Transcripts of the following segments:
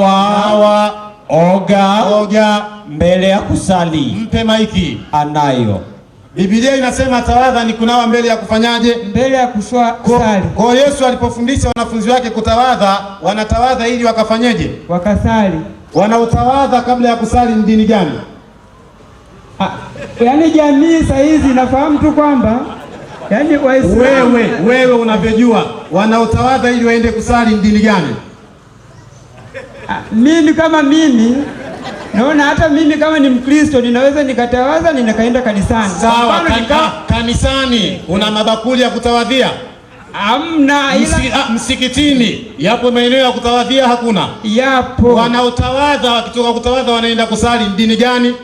wawa oga, oga mbele ya kusali. Mpe maiki anayo. Biblia inasema tawadha ni kunawa mbele ya kufanyaje? Mbele ya kusali. Kwa Yesu alipofundisha wanafunzi wake kutawadha, wanatawadha ili wakafanyeje? Wakasali. Wanautawadha kabla ya kusali ni dini gani? Ah, yaani jamii saa hizi nafahamu tu kwamba yaani Waislamu. Wewe wewe unavyojua wanautawadha ili waende kusali ni dini gani? mimi kama mimi naona hata mimi kama ni Mkristo ninaweza nikatawaza nikaenda kanisani. Sawa, kan, nika... kanisani una mabakuli ya kutawadhia? Amna, ila... a, ah, msikitini yapo maeneo ya kutawadhia? Hakuna, yapo. Wanaotawadha wakitoka kutawadha wanaenda kusali dini gani?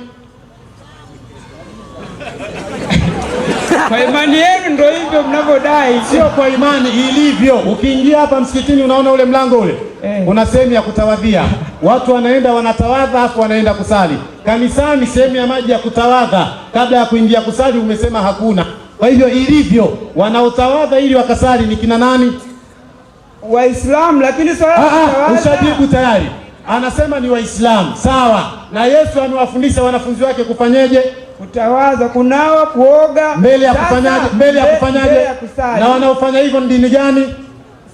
Kwa imani yenu ndio hivyo mnavyodai, sio kwa imani ilivyo. Ukiingia hapa msikitini unaona ule mlango ule eh, una sehemu ya kutawadhia watu wanaenda wanatawadha, hapo wanaenda kusali kanisani. Sehemu ya maji ya kutawadha kabla ya kuingia kusali umesema hakuna. Kwa hivyo ilivyo, wanaotawadha ili wakasali ni kina nani? Waislamu. Lakini swala ah, ah, ushajibu tayari, anasema ni Waislamu. Sawa na Yesu amewafundisha wanafunzi wake kufanyeje? Kutawadha, kunawa, kuoga mbele ya kufanyaje? Mbele ya kufanyaje? Na wanaofanya hivyo ni dini gani?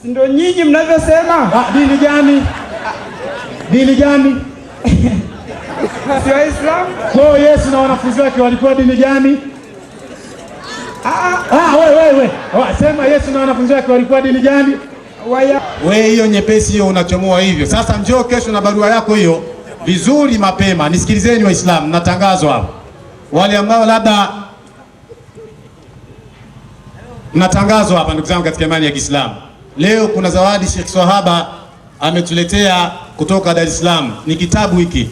si ndio nyinyi mnavyosema? Ah, dini gani? Ah, dini gani? si Waislamu? So Yesu na wanafunzi wake walikuwa dini gani? Wewe ah, oh, sema Yesu na wanafunzi wake walikuwa dini gani? Wewe hiyo nyepesi hiyo unachomoa hivyo. Sasa njoo kesho na barua yako hiyo vizuri mapema. Nisikilizeni Waislamu, natangazwa hapo wale ambao labda natangazwa hapa, ndugu zangu katika imani ya Kiislamu. Leo kuna zawadi Sheikh Swahaba ametuletea kutoka Dar es Salaam, ni kitabu hiki.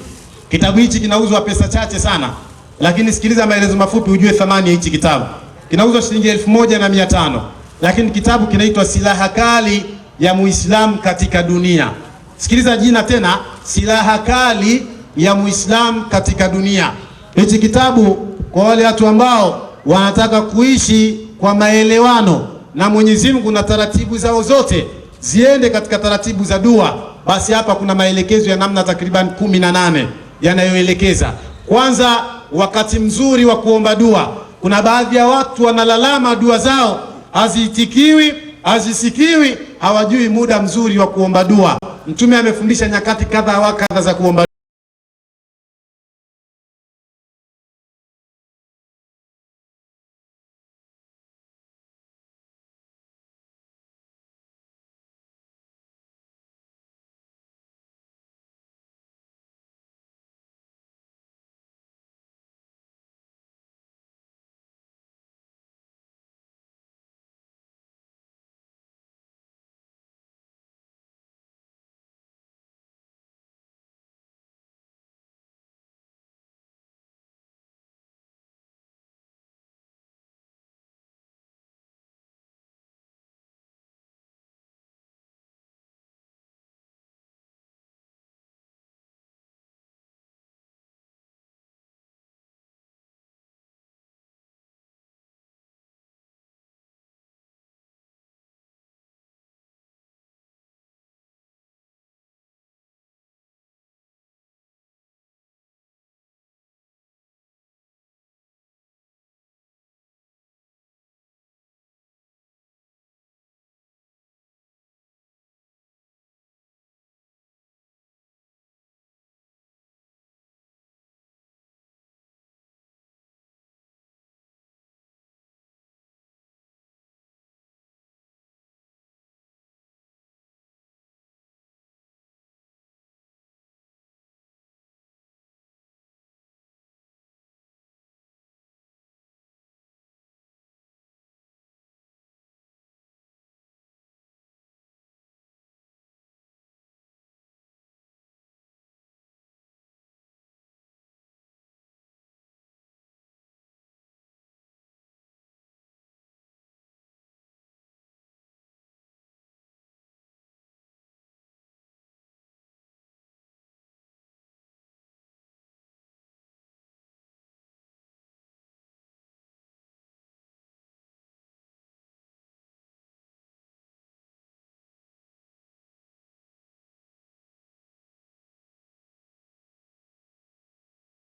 Kitabu hichi kinauzwa pesa chache sana, lakini sikiliza maelezo mafupi ujue thamani ya hichi kitabu. Kinauzwa shilingi elfu moja na mia tano lakini kitabu kinaitwa Silaha Kali ya muislam katika Dunia. Sikiliza jina tena, Silaha Kali ya muislam katika Dunia. Hichi kitabu kwa wale watu ambao wanataka kuishi kwa maelewano na Mwenyezi Mungu na taratibu zao zote ziende katika taratibu za dua. Basi hapa kuna maelekezo ya namna takriban kumi na nane yanayoelekeza kwanza, wakati mzuri wa kuomba dua. Kuna baadhi ya watu wanalalama dua zao haziitikiwi, hazisikiwi, hawajui muda mzuri wa kuomba dua. Mtume amefundisha nyakati kadha wa kadha za kuomba